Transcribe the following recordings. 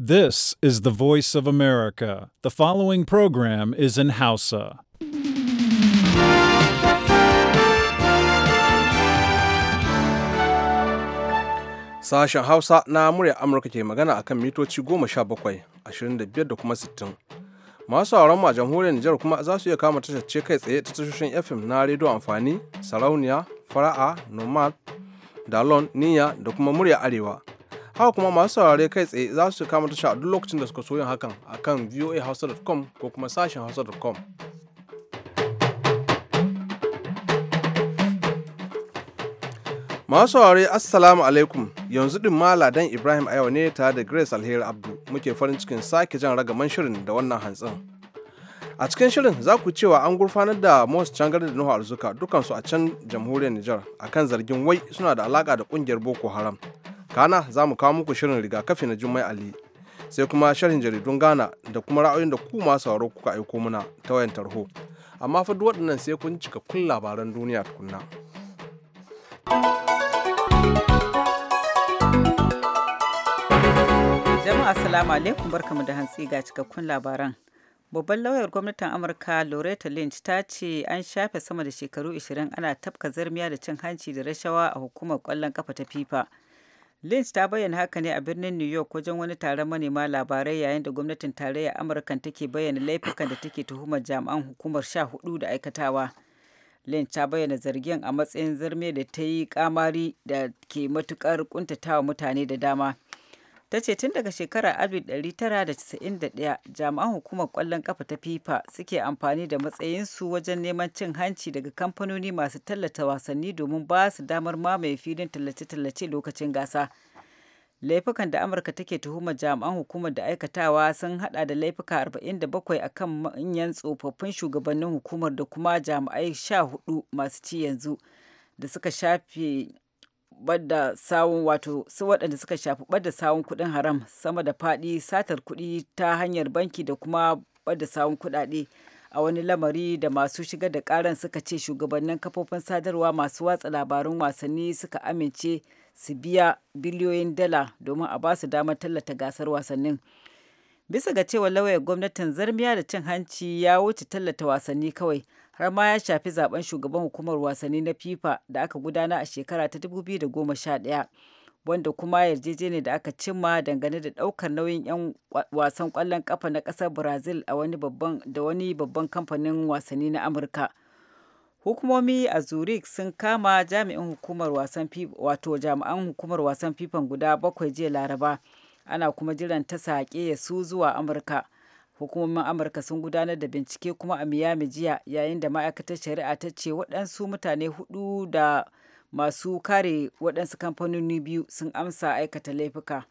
This is the voice of America. The following program is in Hausa. Sashen Hausa na murya Amurka ke magana a kan mitoci 17, 25 da kuma 60. Masu sauran a jamhuriyar Nijar kuma za su iya kama tashar kai tsaye ta tashoshin FM na rediyo amfani, sarauniya, fara'a, nomad, dalon, Niya da kuma murya arewa. haka kuma masu saurare kai tsaye za su kama tasha a duk lokacin da suka so yin hakan kan voahausa.com ko kuma sashen hausa.com Masu saurare Assalamu alaikum yanzu din maladan Ibrahim Ayawa ne tare da Grace Alheri Abdu muke farin cikin sake jan ragaman shirin da wannan hantsin. A cikin shirin za ku cewa an gurfanar da Mos Changar da Nuhu Arzuka dukansu a can jamhuriyar Nijar akan zargin wai suna da alaka da kungiyar Boko Haram kana za mu kawo muku shirin rigakafi na jummai ali sai kuma shirin jaridun ghana da kuma ra'ayoyin da ku masu sauro kuka aiko muna ta wayan tarho amma fa duk waɗannan sai kun cika kun labaran duniya tukunna jama'a assalamu alaikum barkamu da hantsi ga cikakkun labaran babban lauyar gwamnatin amurka loretta lynch ta ce an shafe sama da shekaru 20 ana tafka zarmiya da cin hanci da rashawa a hukumar kwallon kafa ta fifa Lynch ta bayyana haka ne a birnin New York wajen wani taron manema labarai yayin da gwamnatin tarayya Amurka take bayyana laifukan da take tuhumar jami'an hukumar sha hudu da aikatawa. Lynch ta bayyana zargin a matsayin zarme da ta yi kamari da ke matukar kuntatawa mutane da dama. ta ce tun daga shekarar 1991 jami'an hukumar kwallon kafa ta fifa suke amfani da matsayinsu wajen neman cin hanci daga kamfanoni masu tallata wasanni domin ba su damar mamaye filin tallace-tallace lokacin gasa laifukan da amurka take tuhumar jami'an hukumar da aikatawa sun hada da laifuka 47 a kan manyan tsofaffin shugabannin hukumar da kuma jami'ai 14 masu ci yanzu da suka shafe bada sawun wato su waɗanda suka shafi bada sawun kuɗin haram sama da faɗi satar kuɗi ta hanyar banki da kuma bada sawun kuɗaɗe a wani lamari da masu shigar da ƙaran suka ce shugabannin kafofin sadarwa masu watsa labarun wasanni suka amince su biya biliyoyin dala domin a ba su damar tallata gasar wasannin bisa ga cewa lauyar gwamnatin zarmiya da cin hanci ya wuce tallata wasanni kawai har ma ya shafi zaben shugaban hukumar wasanni na FIFA da aka gudana a shekara ta 2011 wanda kuma yarjejeniya da aka cimma dangane da daukar nauyin 'yan wasan kwallon kafa na kasar Brazil a wani babban da wani babban kamfanin wasanni na Amurka. Hukumomi a Zurich sun kama jami'in hukumar wasan wato jami'an hukumar wasan FIFA guda bakwai jiya Laraba. Ana kuma jiran ta saƙe su zuwa Amurka. hukumomin amurka sun gudanar da bincike kuma a miami jiya yayin da ma'aikatar shari'a ta ce waɗansu mutane hudu da masu kare waɗansu kamfanoni biyu sun amsa aikata laifuka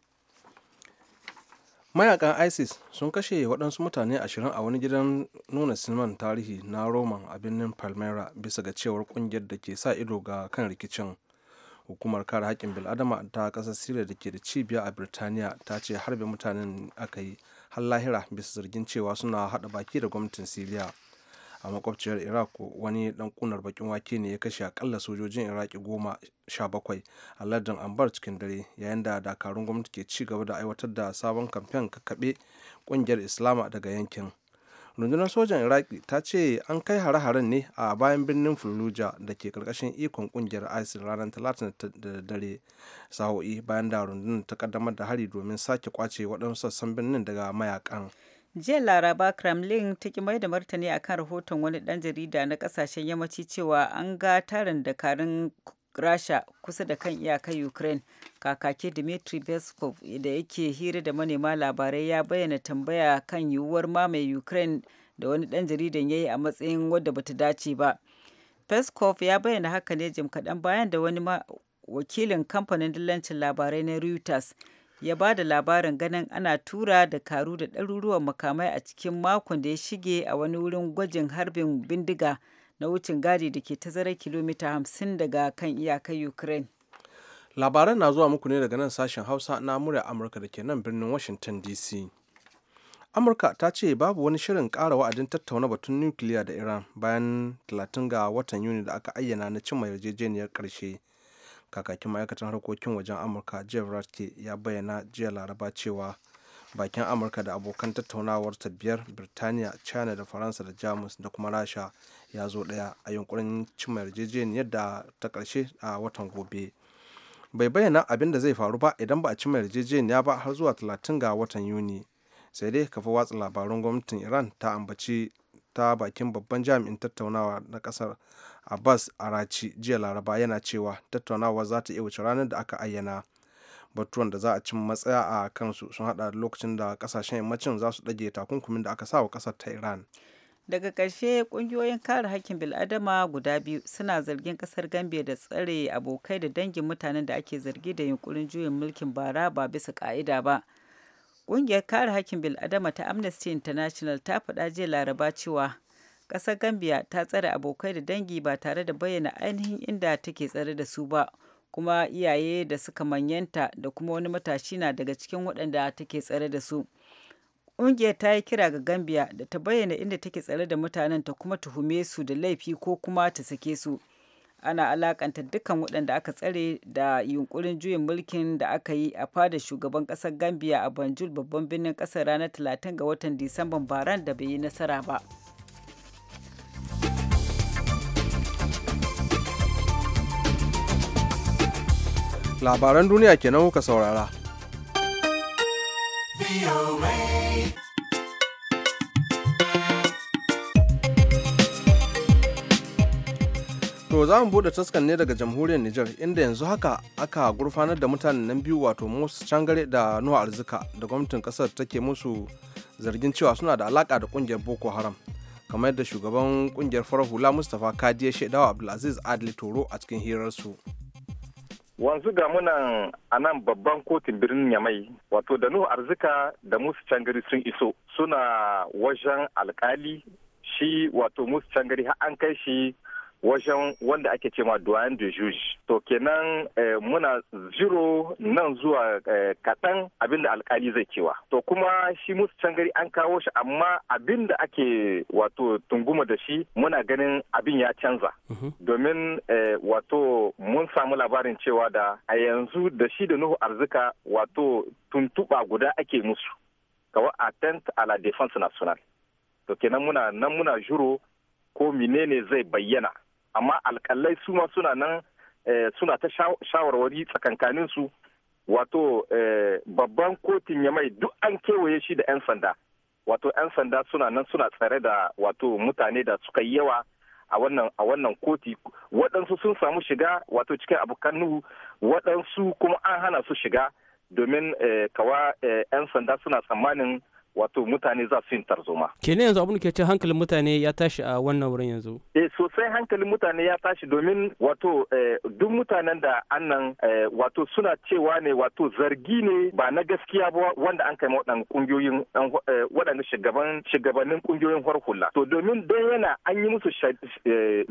mayakan isis sun kashe waɗansu mutane ashirin a wani gidan nuna siman tarihi na roman a birnin palmyra bisa ga cewar ƙungiyar da ke sa ido ga kan rikicin hukumar kare haƙƙin bil'adama ta ƙasar siriya da ke da cibiya a birtaniya ta ce harbe mutanen aka yi har lahira bisa zargin cewa suna hada baki da gwamnatin siriya a makwabciyar iraq wani dan kunar bakin wake ne ya kashe akalla sojojin iraki goma sha bakwai a lardin ambar cikin dare yayin da dakarun gwamnati ke ci gaba da aiwatar da sabon kamfen kakkaɓe kungiyar islama daga yankin rundunar sojan iraki ta ce an kai hare-haren ne a bayan birnin fallujah da ke karkashin ikon kungiyar isil ranar talatin da dare sa'o'i bayan da rundunar ta kaddamar da hari domin sake kwace waɗansu sassan birnin daga mayakan jiya laraba kremlin ta ki mai da martani akan rahoton wani dan jarida na ƙasashen yammaci cewa an ga tarin dakarun rasha kusa da kan iyakar ukraine kakaki dmitry peskov da yake hira da manema labarai ya bayyana tambaya kan yiwuwar mamaye ukraine da wani dan jaridan ya yi a matsayin wadda bata dace ba peskov ya bayyana haka ne jim kaɗan bayan da wani wakilin kamfanin dillancin labarai na reuters ya ba da labarin ganin ana tura da karu da ɗaruruwan makamai a cikin makon da ya shige a wani wurin gwajin harbin bindiga na wucin gadi da ke tazarar kilomita hamsin daga kan iyakar ukraine labaran na zuwa muku ne daga nan sashen hausa na murya amurka da ke nan birnin washington dc amurka ta ce babu wani shirin kara wa'adin tattauna batun nukiliya da iran bayan 30 ga watan yuni da aka ayyana na cimma yarjejeniyar karshe kakakin ma'aikatar harkokin wajen amurka jeff ratke ya bayyana jiya laraba cewa bakin amurka da abokan tattaunawar ta biyar birtaniya china da faransa da jamus da kuma rasha ya zo ɗaya a yunkurin cimma yarjejeniyar da ta karshe a watan gobe bai bayyana abin da zai faru ba idan ba a cimma yarjejeniya ba har zuwa 30 ga watan yuni sai dai kafa watsa labarun gwamnatin iran ta ambaci ta bakin babban jami'in tattaunawa na kasar abbas araci jiya laraba yana cewa tattaunawa za ta iya wuce ranar da aka ayyana batuwan da za a cin matsaya a kansu sun hada lokacin da kasashen yammacin za su dage takunkumin da aka sa wa kasar ta iran daga ƙarshe ƙungiyoyin kare hakkin bil'adama guda biyu suna zargin ƙasar gambia da tsare abokai da dangin mutanen da ake zargi da yunkurin juyin mulkin bara ba bisa ƙa'ida ba ƙungiyar kare hakkin bil'adama ta amnesty international ta faɗa jiya laraba cewa ƙasar gambia ta tsare abokai da dangi ba tare da bayyana ainihin inda take tsare da su ba kuma iyaye da suka manyanta da kuma wani matashi na daga cikin waɗanda take tsare da su Ƙungiyar ta yi kira ga Gambia da ta bayyana inda take tsare da mutanen ta kuma tuhume su da laifi ko kuma ta sake su. Ana alakanta dukkan waɗanda aka tsare da yunkurin juyin mulkin da aka yi a fadar shugaban ƙasar Gambia a Banjul babban birnin ƙasar ranar talatin ga watan Disamban baran da bai yi nasara ba. Labaran duniya kenan kuka saurara. To za mu buɗe taskan ne daga jamhuriyar Nijar inda yanzu haka aka gurfanar da mutanen nan biyu wato Musa Cangare da Nuhu Arzika da gwamnatin ƙasar take musu zargin cewa suna da alaka da ƙungiyar Boko Haram. Kamar yadda shugaban ƙungiyar farar hula Mustapha Kadi ya shaidawa Abdulaziz Adli Toro a cikin hirarsu. su. wanzu ga munan a nan babban kotun birnin yamai wato da nuhu arzika da musu cangari sun iso suna wajen alkali shi wato musu cangari har an kai shi wajen wanda ake cewa doyen de juge to kenan eh, muna zero nan zuwa eh, katan abinda alkali zai cewa to kuma shi musu can gari an kawo shi amma abinda ake wato tunguma da shi muna ganin abin ya canza mhm. domin eh, wato mun samu labarin cewa da a yanzu da shi da nuhu arzika wato tuntuɓa guda ake musu kawai attent à la défense nationale to kenan muna nan muna juro ko menene zai bayyana amma alkalai su ma suna nan eh, suna ta shawarwari tsakankanin su wato eh, babban kotun ya mai duk an kewaye shi da 'yan sanda wato 'yan sanda suna nan suna tsare da wato mutane da suka yi yawa a wannan a wannan koti waɗansu sun samu shiga wato cikin abokan nuhu waɗansu kuma an hana su shiga domin eh, kawa 'yan sanda suna tsammanin wato mutane za su yin tarzoma. kenan yanzu abin ke ce hankalin mutane ya tashi a wannan wurin yanzu. eh sosai hankalin mutane ya tashi domin wato eh, duk mutanen da annan eh, wato suna cewa ne wato zargi ne ba na gaskiya ba wanda an kai waɗannan kungiyoyin eh, waɗannan shugaban shugabannin kungiyoyin harhula. to domin don yana an yi musu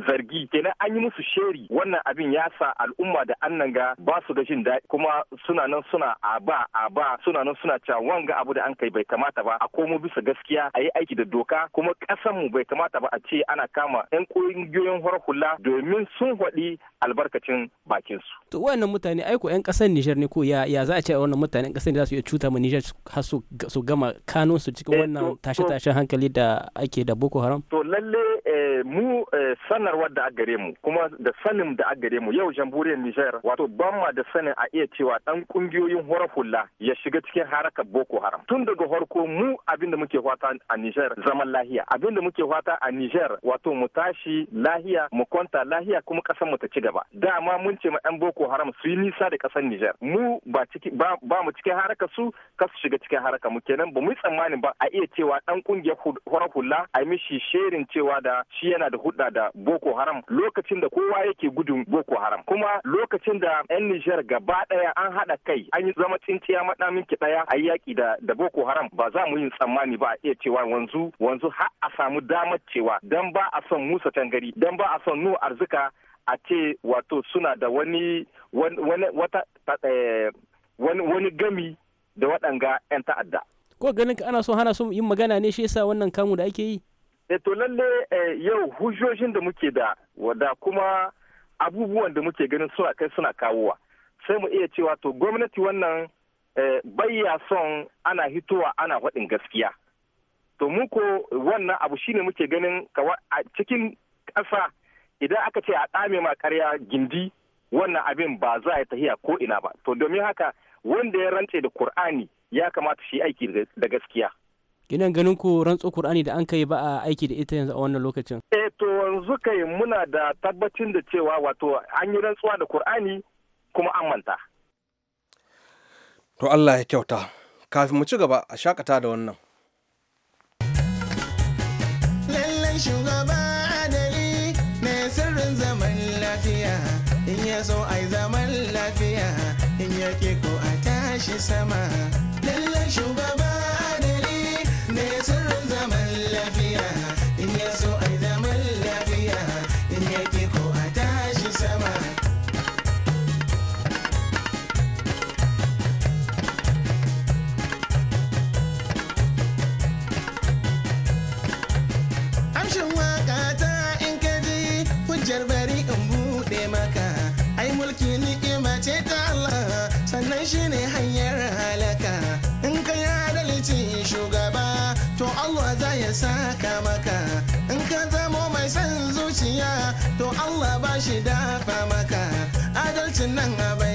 zargi kenan an yi musu sheri wannan abin ya sa al'umma da annan ga ba su ga jin daɗi kuma suna nan suna a ba a ba suna nan suna cewa wanga abu da an kai bai kamata ba a komo bisa gaskiya a yi aiki da doka kuma ƙasanmu bai kamata ba a ce ana kama 'yan ƙungiyoyin hula domin sun haɗi albarkacin bakin su to wannan mutane aiko yan kasar Nijar ne ko ya ya za a ce wannan mutanen kasar ne za su iya cuta ma Nijar har su su gama kanun su cikin eh, wannan tashe tashen hankali da ake da Boko Haram to lalle eh, mu eh, sanarwar da gare mu kuma da sanin da gare mu yau jamhuriyar Nijar wato ban ma da sanin a iya cewa dan kungiyoyin horar hula ya shiga cikin harakar Boko Haram tun daga farko mu abinda muke fata a Nijar zaman lahiya abinda muke fata a Nijar wato mu tashi lahiya mu kwanta lahiya kuma kasar mu ta ci da ba dama mun ce ma yan boko haram su yi nisa da kasar Nijar mu ba ciki ba mu cikin haraka su ka shiga cikin haraka mu kenan ba mu yi tsammanin ba a iya cewa ɗan kungiyar horar hula a mishi sherin cewa da shi yana da hudda da boko haram lokacin da kowa yake gudun boko haram kuma lokacin da yan Nijar gaba ɗaya an haɗa kai an yi zama tsintiya madamin ki daya a yaki da da boko haram ba za mu yi tsammani ba a iya cewa wanzu wanzu har a samu damar cewa dan ba a son Musa Tangari dan ba a son Nuhu Arzika a ce wato suna da wani wani eh, gami da waɗanga 'yan ta'adda. Ko ganin ka ana so hana su yin magana ne shi yasa wannan kamu da ake yi? E to lalle eh, yau hujjojin da muke da wada kuma abubuwan da muke ganin suna kai suna kawowa. Sai mu iya cewa to gwamnati wannan bayya son ana hitowa ana faɗin gaskiya. To mu wannan abu shine muke ganin a cikin ƙasa idan aka ce a ɗame ma karya gindi wannan abin ba za a tahiya ko ina ba to domin haka wanda ya rantse da Kur'ani ya kamata shi aiki da gaskiya Gidan ganin ku rantso Kur'ani da an kai ba a aiki da ita yanzu a wannan lokacin? Eh to yanzu kai muna da tabbacin da cewa wato an yi rantsuwa da Kur'ani kuma an manta. To Allah ya kyauta. Kafin mu ci gaba a shakata da wannan. so ai zaman lafiya in yake ko a tashi sama lallan shugaba saka maka in ka zamo mai son zuciya to Allah ba shi dafa maka adalcin nan abai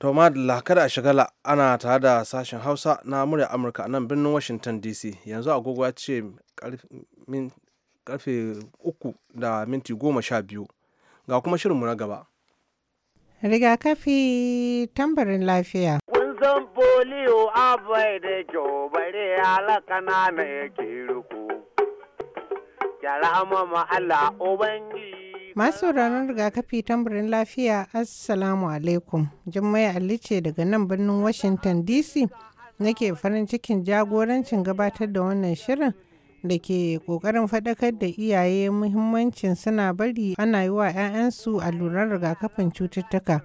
To da kada a shagala ana tare da sashen Hausa na murya Amurka a nan birnin Washington DC yanzu agogo ya ce karfe uku da minti goma sha biyu ga kuma shirinmu na gaba. Rigakafi tambarin lafiya. Kunzan polio abai da kyau bare halaka na na yake ya Jara mama Allah Ubangiji. Masu sauraron rigakafi tambarin lafiya Assalamu alaikum. Jummai alli ce daga nan birnin Washington DC nake farin cikin jagorancin gabatar da wannan shirin da ke ƙoƙarin faɗakar da iyaye muhimmancin suna bari ana yi wa 'ya'yansu lura rigakafin cututtuka.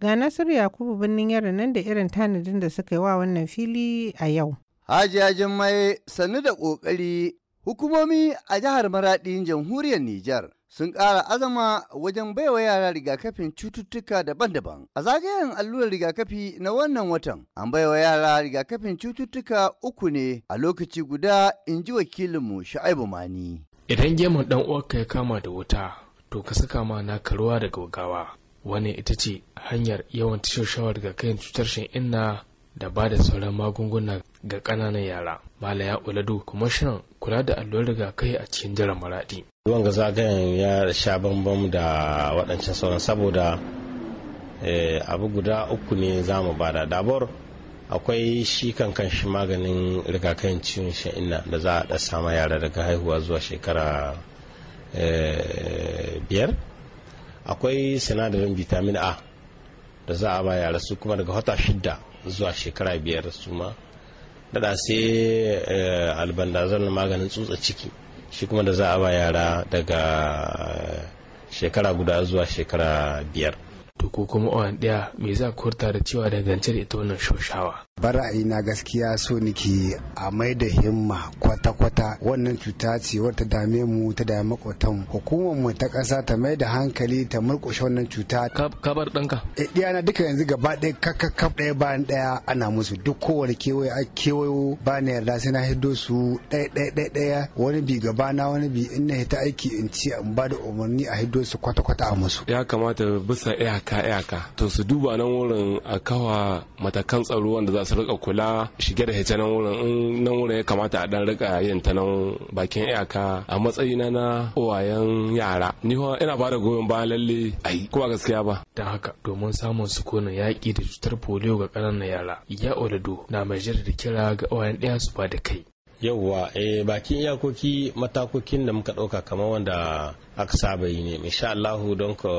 Ga Nasiru Yakubu birnin yaro nan da irin tanadin da suka yi wa wannan fili a yau. Hajiya Jummai sannu da ƙoƙari Hukumomi a jihar Maraɗin jamhuriyar Nijar sun ƙara azama wajen baiwa yara rigakafin cututtuka daban-daban. A zagayen allurar rigakafi na wannan watan, an baiwa yara rigakafin cututtuka uku ne a lokaci guda in ji wakilinmu Sha'ibu Mani. Idan gemun ɗan uwarka ya kama da wuta, to ka saka ma na ruwa daga gawa Wannan ita ce hanyar yawan tashar shawar rigakafin cutar shan inna da ba da sauran magunguna ga ƙananan yara malaya kuma shan kula da allurar rigakafi a cikin jiran maradi ga zagayen ya sha bambam da waɗancan sauran saboda eh, abu guda uku ne za mu da dabor akwai shi kankan shi maganin rigakafin ciwon sha'ina da za a ma yara daga haihuwa zuwa shekara eh, biyar akwai sinadarin vitamin a da za a ba yara su kuma daga wata shidda zuwa shekara biyar su ma da sai eh, na maganin tsutsa ciki shi kuma da za a ba yara daga eh, shekara guda zuwa shekara biyar to ko kuma awan ɗaya me za kurta da cewa dangance da ita wannan shoshawa bara'ayi na gaskiya so niki a mai da himma kwata-kwata wannan cuta ce wata dame mu ta dame makwatan hukumar mu ta ƙasa ta mai da hankali ta murƙushe wannan cuta ka bar ɗanka e eh, na duka yanzu gaba ɗaya kakakaf ɗaya bayan ɗaya ana musu duk kowane kewaye a kewayo ba na yarda sai na hiddo su ɗaya ɗaya ɗaya ɗaya wani bi gaba na wani bi in na hita aiki in ci in ba da umarni a hiddo su kwata-kwata a musu ya kamata bisa iyaka iyaka-iyaka to su duba nan wurin a kawa matakan tsaro wanda za su rika kula shige da hece nan wurin in nan wurin ya kamata a dan rika yin ta nan bakin iyaka a matsayina na uwayen yara ni ho ina ba da goyon ba lalle ai kuma gaskiya ba dan haka domin samun sukunin yaƙi da cutar polio ga ƙananan yara ya olado na mai da kira ga uwayen daya su ba da kai yauwa eh, bakin iyakoki matakokin da muka ɗauka kamar wanda aka saba yi ne insha Allahu don ka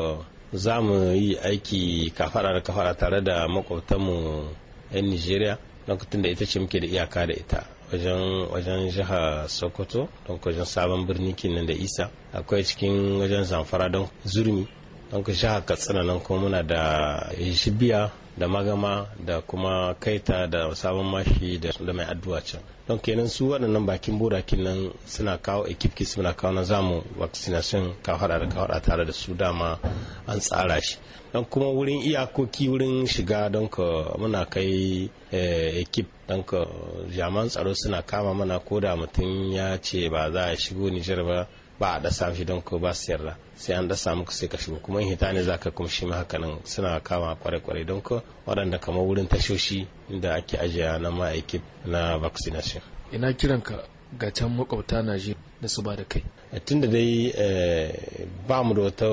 za mu yi aiki kafara da kafara tare da makwabtanmu 'yan nigeria lokacin da ita ce muke da iyaka da ita wajen wajen jiha sokoto don wajen sabon birni kenan da isa akwai cikin wajen zamfara don zurmi don ku jiha katsina nan kuma muna da shibiya da magama da kuma kaita da sabon mashi da mai addu'a can don kenan su waɗannan bakin burakin nan suna kawo ekipki suna kawo na zamu vaccination ka hada da ka tare da su dama an tsara shi don kuma wurin iyakoki wurin shiga don ka muna kai ekip eh, don ka jaman tsaro suna kama mana ko da mutum ya ce ba za a shigo nijar ba ba a dasa shi don ko ba su yarda sai an dasa muku sai ka shigo kuma in hita ne zaka kuma shi haka nan suna kama kwarai-kwarai don ko waɗanda kamar wurin tashoshi inda ake ajiya na ma'aiki na vaccination ina kiranka ga can makwabta na da su ba da kai tun da dai eh, ba mu da wata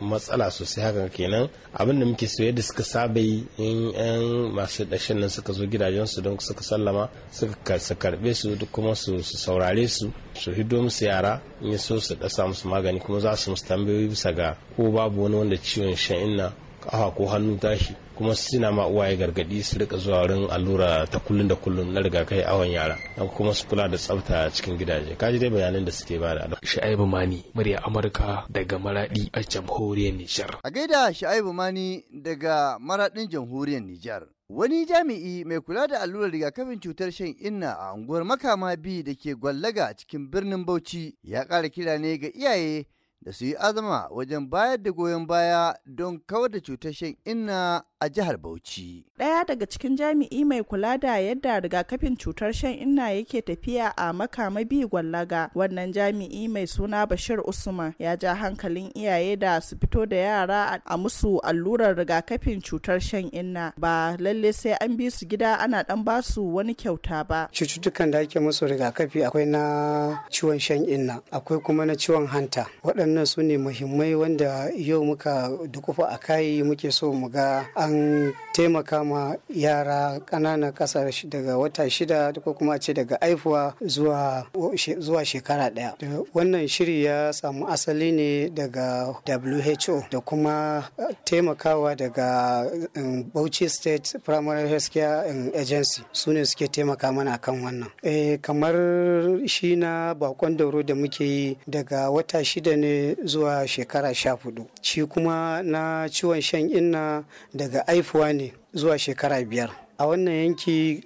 matsala sosai hakan kenan abin da muke so yadda suka saba yi in yan masu dashen nan suka zo gidajensu don suka sallama suka karbe su duk kuma su saurare su su hido musu yara in so su dasa musu magani kuma za su musu tambayoyi bisa ga ko babu wani wanda ciwon sha'inna kafa ko hannu tashi kuma suna ma uwaye gargadi su rika zuwa wurin allura ta kullun da kullun na rigakai awon yara an kuma su kula da tsafta cikin gidaje kaji dai bayanan da suke bada sha'ibu mani murya amurka daga maradi a jamhuriyar nijar a gaida sha'ibu mani daga maradin jamhuriyar nijar Wani jami'i mai kula da allurar rigakafin cutar shan inna a unguwar makama bi da ke gwallaga cikin birnin Bauchi ya ƙara kira ne ga iyaye da su yi azama wajen bayar da goyon baya don kawar da cutar shan inna a jihar Bauchi. Ɗaya daga cikin jami'i mai kula da yadda rigakafin cutar shan inna yake tafiya a makama bi gwallaga wannan jami'i mai suna Bashir Usman ya ja hankalin iyaye da su fito da yara a musu allurar rigakafin cutar shan inna ba lalle sai an bi su gida ana dan ba su wani kyauta ba. Cututtukan da ake musu rigakafi akwai na ciwon shan inna akwai kuma na ciwon hanta waɗannan su ne muhimmai wanda yau muka dukufa a kai muke so mu ga an taimaka ma yara ƙananan ƙasa daga wata shida ko kuma ce daga aifuwa zuwa shekara ɗaya. Wannan shiri ya samu asali ne daga WHO da kuma taimakawa daga um, Bauchi State Primary Health Care um, Agency su ne suke taimaka mana akan wannan. E, kamar shi na bakon dauro da muke yi daga wata shida ne zuwa shekara sha hudu. Shi kuma na ciwon shan inna daga daga aifuwa ne zuwa shekara biyar a wannan yanki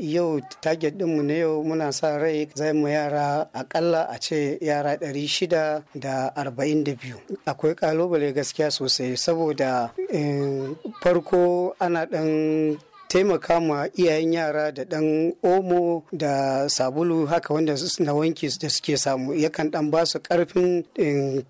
yau target dinmu na yau muna sa rai zai mu yara akalla a ce yara 642 akwai kalubale gaskiya sosai saboda eh, farko ana dan taimaka ma iyayen yara da ɗan omo da sabulu haka wanda na wanki da suke samu yakan dan ba su eh,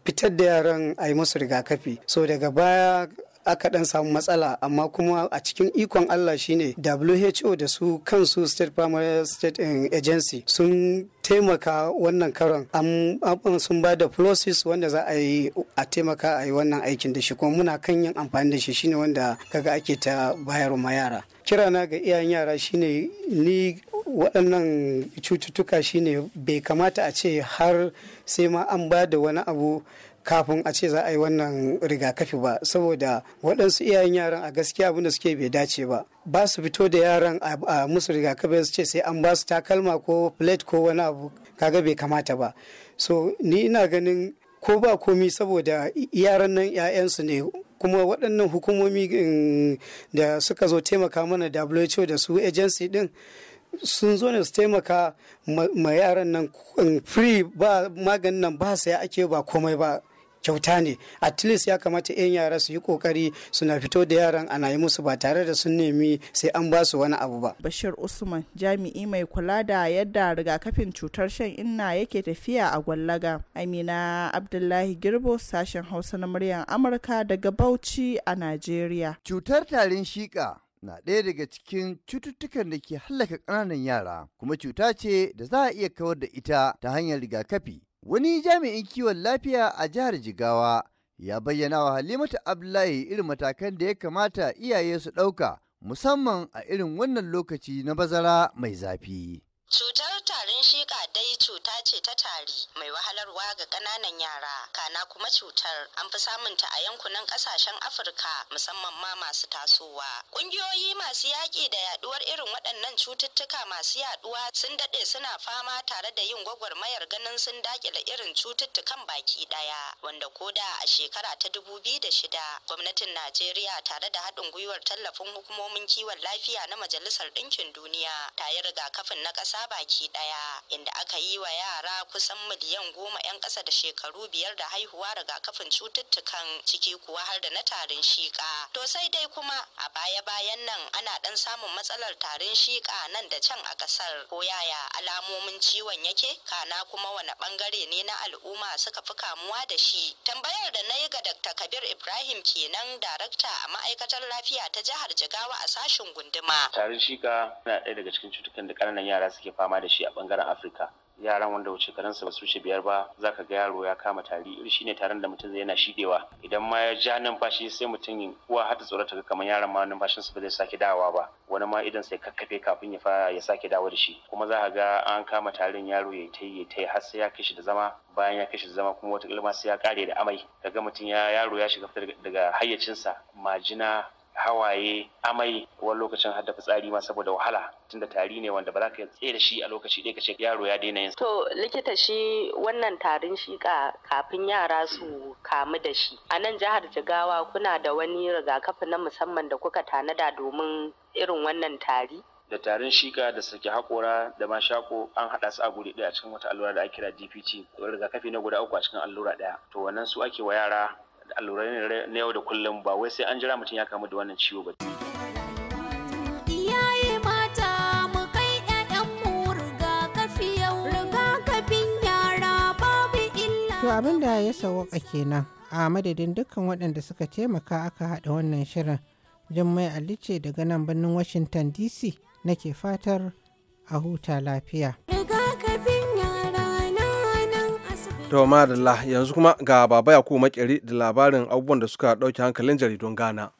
fitar da yaran a yi musu rigakafi so daga baya aka dan samu matsala amma kuma a cikin ikon Allah shine WHO da su kansu State Primary State eh, Agency sun taimaka wannan karon an sun ba da process wanda za a yi a taimaka a yi wannan aikin da shi kuma muna kan yin amfani da shi shine wanda kaga ake ta bayar ma yara kirana ga iyayen yara shine ni waɗannan cututtuka shine bai kamata a ce har sai ma an ba da wani abu kafin a ce za a yi wannan rigakafi ba saboda waɗansu iyayen yaran a gaskiya abin da suke bai dace ba ba su fito da yaran a musu rigakafi su ce sai an ba su takalma ko plate ko wani abu kaga bai kamata ba so ni ina ganin ko ba komi saboda yaran nan 'ya'yansu ne kuma waɗannan hukumomi mm, da suka zo taimaka mana WHO da su agency din sun zo ne su taimaka ma yaran nan mm, free ba maganin nan ba sai ake ba komai ba kyauta ne at least ya kamata 'yan yara su yi kokari suna fito da yaran ana yi musu ba tare da sun nemi sai an basu wani abu ba bashir usman jami'i mai kula da yadda rigakafin cutar shan inna yake tafiya a gwallaga amina abdullahi girbo sashen hausa na muryar amurka daga bauchi a nigeria. cutar tarin shika na ɗaya daga cikin cututtukan da ke hallaka ƙananan yara kuma cuta ce da za a iya kawar da ita ta hanyar rigakafi Wani jami'in kiwon lafiya a jihar Jigawa ya bayyana wa Halimatu Abdullahi irin matakan da ya kamata iyaye su ɗauka musamman a irin wannan lokaci na bazara mai zafi. Cutar tarin shiƙa dai cuta ce ta tari mai wahalarwa ga ƙananan yara, kana kuma cutar an fi samun ta a yankunan ƙasashen Afirka musamman ma masu tasowa. Ƙungiyoyi masu yaƙi da yaduwar irin waɗannan cututtuka masu yaɗuwa sun daɗe suna fama tare da yin gwagwarmayar ganin sun daƙile irin cututtukan baki ɗaya, wanda ko da, a shekara ta dubu biyu da shida gwamnatin Najeriya tare da haɗin gwiwar tallafin hukumomin kiwon lafiya na Majalisar Ɗinkin Duniya ta yi rigakafin na ƙasa ƙasa baki ɗaya inda aka yi wa yara kusan miliyan goma 'yan ƙasa da shekaru biyar da haihuwa daga kafin cututtukan ciki kuwa har da na tarin shiƙa. To sai dai kuma a baya-bayan nan ana ɗan samun matsalar tarin shika nan da can a ƙasar ko yaya alamomin ciwon yake kana kuma wani bangare ne na al'umma suka fi kamuwa da shi. Tambayar da na yi ga Dr. Kabir Ibrahim kenan darakta a ma'aikatar lafiya ta jihar Jigawa a sashen gunduma. Tarin shiƙa na ɗaya daga cikin cutukan da ƙananan yara suke ake fama da shi a bangaren afirka yaran wanda wuce karansa ba su wuce biyar ba zaka ga yaro ya kama tari iri shine taron da mutum zai yana shidewa idan ma ya ja numfashi sai mutum uwa har ta tsorata ga kamar yaron ma numfashin su ba zai sake dawowa ba wani ma idan sai kakkafe kafin ya fara ya sake dawo da shi kuma zaka ga an kama tarin yaro ya ta ya ta har sai ya kashi da zama bayan ya kashi da zama kuma wata ilma sai ya kare da amai kaga mutum ya yaro ya shiga daga hayyacinsa majina hawaye amai wani lokacin har fitsari ma saboda wahala tunda tari ne wanda ba za ka tsaye da shi a lokaci ɗaya ka ce yaro ya daina yin to likita shi wannan tarin shika kafin yara su kamu da shi a nan jihar jigawa kuna da wani rigakafi na musamman da kuka tanada domin irin wannan tari da tarin shika da sake haƙora da ma mashako an haɗa su a guri ɗaya cikin wata allura da ake kira DPT rigakafi na guda uku a cikin allura ɗaya to wannan su ake wa yara allurai na yau da kullum ba wai sai an jira mutum ya kamu da wannan ciwo ba. To abin da ya sawaka kenan a madadin dukkan waɗanda suka taimaka aka haɗa wannan shirin jummai alice daga nan birnin washington dc nake fatar a huta lafiya. To madalla yanzu kuma ga baba ya ko makeri da labarin abubuwan da suka ɗauke hankalin jaridun Ghana.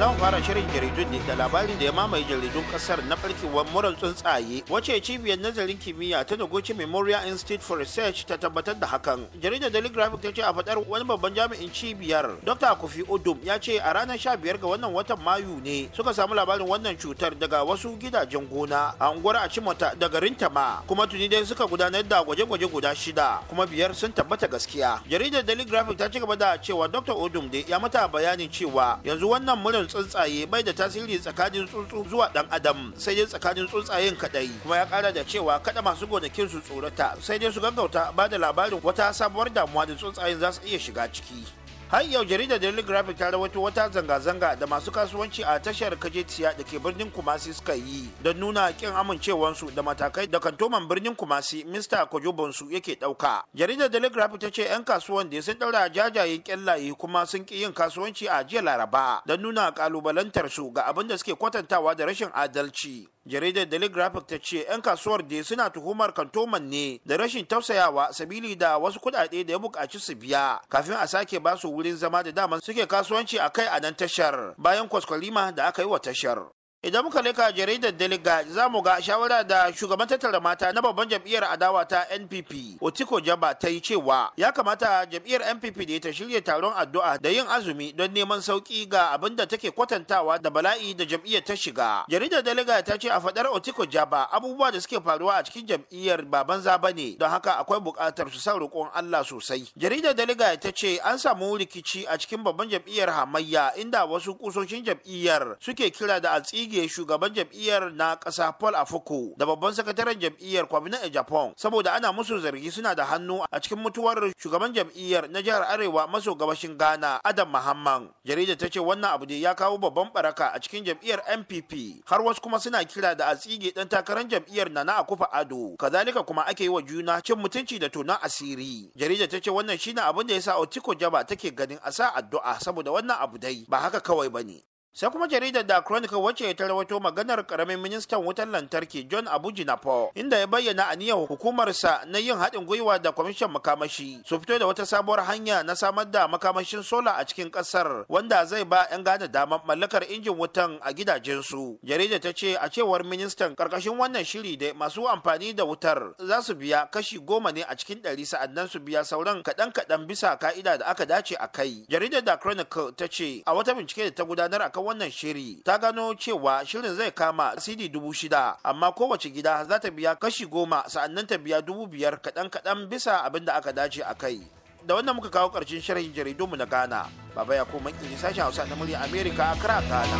zan fara shirin jaridun ne da labarin da ya mamaye jaridun kasar na barkewar murar tsuntsaye wace cibiyar nazarin kimiyya ta Noguchi Memorial Institute for Research ta tabbatar da hakan. Jaridar Daily Graphic ta ce a fadar wani babban jami'in cibiyar Dr. Kofi Odum ya ce a ranar sha 15 ga wannan watan Mayu ne suka samu labarin wannan cutar daga wasu gidajen gona a unguwar Achimota da garin Tama kuma tuni dai suka gudanar da gwaje-gwaje guda shida kuma biyar sun tabbata gaskiya. Jaridar Daily Graphic ta ci gaba da cewa Dr. Odum dai ya mata bayanin cewa yanzu wannan murar tsuntsaye bai da tasiri tsakanin tsuntsu zuwa dan adam sai dai tsakanin tsuntsayen kadai kuma ya kara da cewa kada masu gonakin su tsorata sai dai su gaggauta ba da labarin wata sabuwar damuwa da tsuntsayen za su iya shiga ciki har yau jaridar daily graphic ta rawaito wata zanga-zanga da masu kasuwanci a tashar kajetiya da ke birnin kumasi suka yi don nuna kin amincewansu da matakai da kantoman birnin kumasi mr kojobonsu yake dauka jaridar daily graphic ta ce 'yan kasuwan da sun daura jajayen kyallaye kuma sun ki yin kasuwanci a jiya laraba don nuna kalubalantar su ga abin da suke kwatantawa da rashin adalci jaridar daily graphic ta ce 'yan kasuwar da suna tuhumar kantoman ne da rashin tausayawa sabili da wasu kudade da ya buƙaci su biya kafin a sake basu wurin zama da dama suke kasuwanci a kai a nan tashar bayan kwaskwalima da aka yi wa tashar idan muka leka jaridar deliga za mu ga shawara da shugaban tattara mata na babban jam'iyyar adawa ta npp otiko jaba ta yi cewa ya kamata jam'iyyar npp da ta shirya taron addu'a da yin azumi don neman sauki ga abin da take kwatantawa da bala'i da jam'iyyar ta shiga jaridar deliga ta ce a faɗar otiko jaba abubuwa da suke faruwa a cikin jam'iyyar ba banza ba ne don haka akwai buƙatar su san roƙon allah sosai jaridar deliga ta ce an samu rikici a cikin babban jam'iyyar hamayya inda wasu kusoshin jam'iyyar suke kira da atsi shige shugaban jam'iyyar na ƙasa Paul Afuku da babban sakataren jam'iyyar Kwamina a Japan saboda ana musu zargi suna da hannu a cikin mutuwar shugaban jam'iyyar na jihar Arewa maso gabashin Ghana Adam Mahamman. jarida ta ce wannan abu ne ya kawo babban baraka a cikin jam'iyyar NPP har wasu kuma suna kira da a tsige dan takarar jam'iyyar Nana Akufa Ado. Kazalika kuma ake yi wa juna cin mutunci da tonon asiri. jarida ta ce wannan shine abin da yasa Otiko Jaba take ganin a sa addu'a saboda wannan abu dai ba haka kawai bane. sai kuma jaridar da chronicle wacce ta rawaito maganar karamin ministan wutar lantarki john abuji po inda ya bayyana aniyar hukumarsa na yin haɗin gwiwa da kwamishin makamashi su fito da wata sabuwar hanya na samar da makamashin sola a cikin ƙasar wanda zai ba 'yan gane damar mallakar injin wutan a gidajensu jaridar ta ce a cewar ministan karkashin wannan shiri da masu amfani da wutar za su biya kashi goma ne a cikin ɗari sa'annan su biya sauran kaɗan-kaɗan bisa ka'ida da aka dace a kai jaridar da chronicle ta ce a wata bincike da ta gudanar a haɓaka wannan shiri ta gano cewa shirin zai kama cd dubu shida amma kowace gida za ta biya kashi goma sa'annan ta biya dubu biyar kaɗan kaɗan bisa abin da aka dace a kai da wannan muka kawo ƙarshen sharhin jaridunmu na ghana baba ya koma ƙin sashen hausa na murya america a kira ghana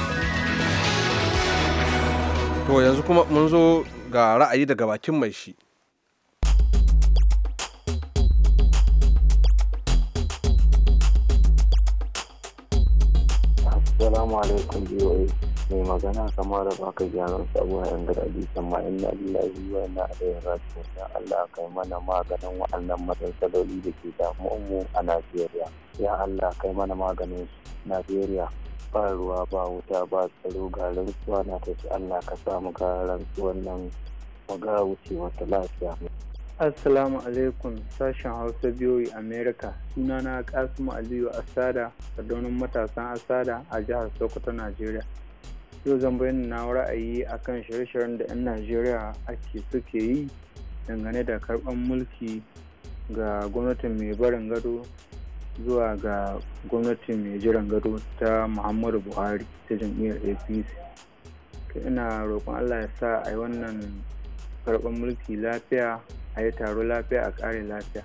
to yanzu kuma mun zo ga ra'ayi daga bakin mai shi Assalamu alaikum BOA. Mai magana kama da baka gyaran sabo a yan garaji sama inna lillahi wa inna ilaihi raji'un dan Allah kai mana maganin wa'annan matsaloli da ke damuwan mu a Najeriya. Ya Allah kai mana maganin Najeriya. Ba ruwa ba wuta ba tsaro ga rantsuwa na tafi Allah ka samu ga rantsuwan nan ga wuce wata lafiya. Assalamu alaikum sashen Hausa biyoyi Amerika sunana Kasimu Aliyu Asada Sadonin matasan Asada a jihar Sokoto, Najeriya. Yau zan bayyana na ra'ayi akan shirye-shiryen da 'yan Najeriya ake suke yi dangane da karɓar mulki ga gwamnatin mai barin gado zuwa ga gwamnatin mai jiran gado ta Muhammadu Buhari ta jam'iyyar APC. Ina roƙon Allah ya sa a yi wannan karɓar mulki lafiya a yi taro lafiya a ƙare lafiya.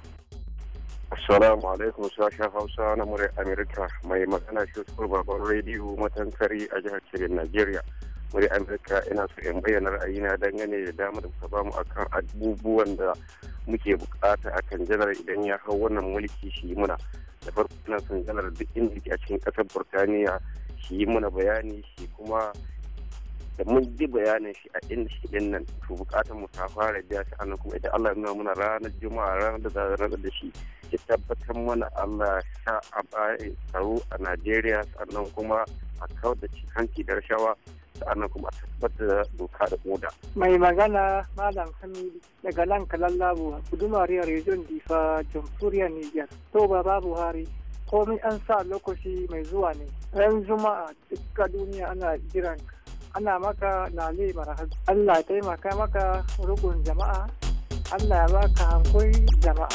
Assalamu alaikum sashen Hausa na murai Amerika mai magana shi babban rediyo matankari a jihar Kirin Najeriya. Murai Amerika ina so in bayyana ra'ayina dangane da damar da ta bamu akan abubuwan da muke bukata akan janar idan ya hau wannan mulki shi muna. Da farko ina son janar duk inda a cikin ƙasar Burtaniya shi yi muna bayani shi kuma da mun ji bayanin shi a inda shi din nan to bukatar mu ta fara biya shi anan kuma idan Allah ya nuna muna ranar juma'a ranar da za da shi ya tabbatar mana Allah sha a bayan tsaro a Najeriya sannan kuma a kawar da hanki da rashawa sannan kuma a tabbatar da doka da oda. Mai magana Malam Hamidu daga nan Kalallabu, Gudumariyar Region Difa, Jamhuriyar Niger, to Babu Hari, komai an sa lokaci mai zuwa ne ran juma'a duka duniya ana jiran ana maka nali barahar Allah taimaka maka rukun jama'a Allah ya baka hankuri jama'a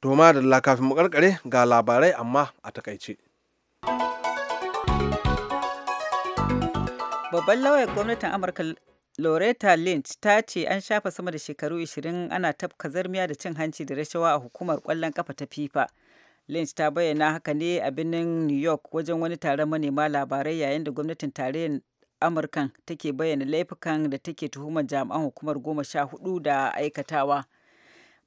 Toma da kafin mu ga labarai amma a takaice. Babban lawai gwamnatin Amurka Loretta Lynch ta ce an shafa sama da shekaru 20 ana tafka zarmiya da cin hanci da rashawa a hukumar kwallon kafa ta FIFA. Lynch ta bayyana haka ne a birnin New York wajen wani taron manema labarai yayin da gwamnatin tarayyar Amurkan take bayyana laifukan da take tuhumar jami'an hukumar goma sha hudu da aikatawa.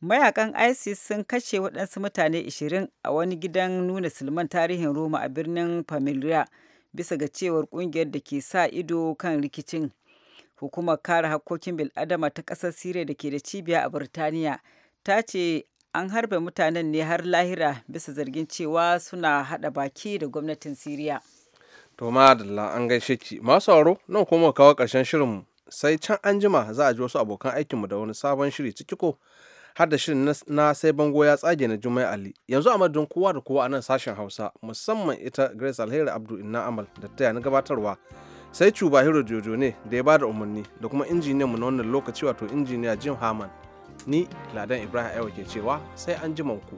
Mayakan ISIS sun kashe waɗansu mutane 20 a wani gidan nuna silman tarihin Roma a birnin Familia bisa ga cewar ƙungiyar da ke sa ido kan rikicin. Hukumar kare hakkokin bil'adama ta ƙasar Siriya da ke da cibiya a Birtaniya ta ce an harbe mutanen ne har lahira bisa zargin cewa suna hada baki da gwamnatin siriya to madalla an gaishe ki masu sauro nan kuma kawo karshen shirinmu sai can an jima za a ji wasu abokan aikinmu da wani sabon shiri ciki ko har da shirin na sai bango ya tsage na jumai ali yanzu a madadin kowa da kowa a nan sashen hausa musamman ita grace alheri abdul inna amal da ta na gabatarwa sai cuba hiro jojo ne da ya bada umarni da kuma injiniyan mu na wannan lokaci wato injiniya jim haman ni ladan ibrahim aiwa ke cewa sai an ku.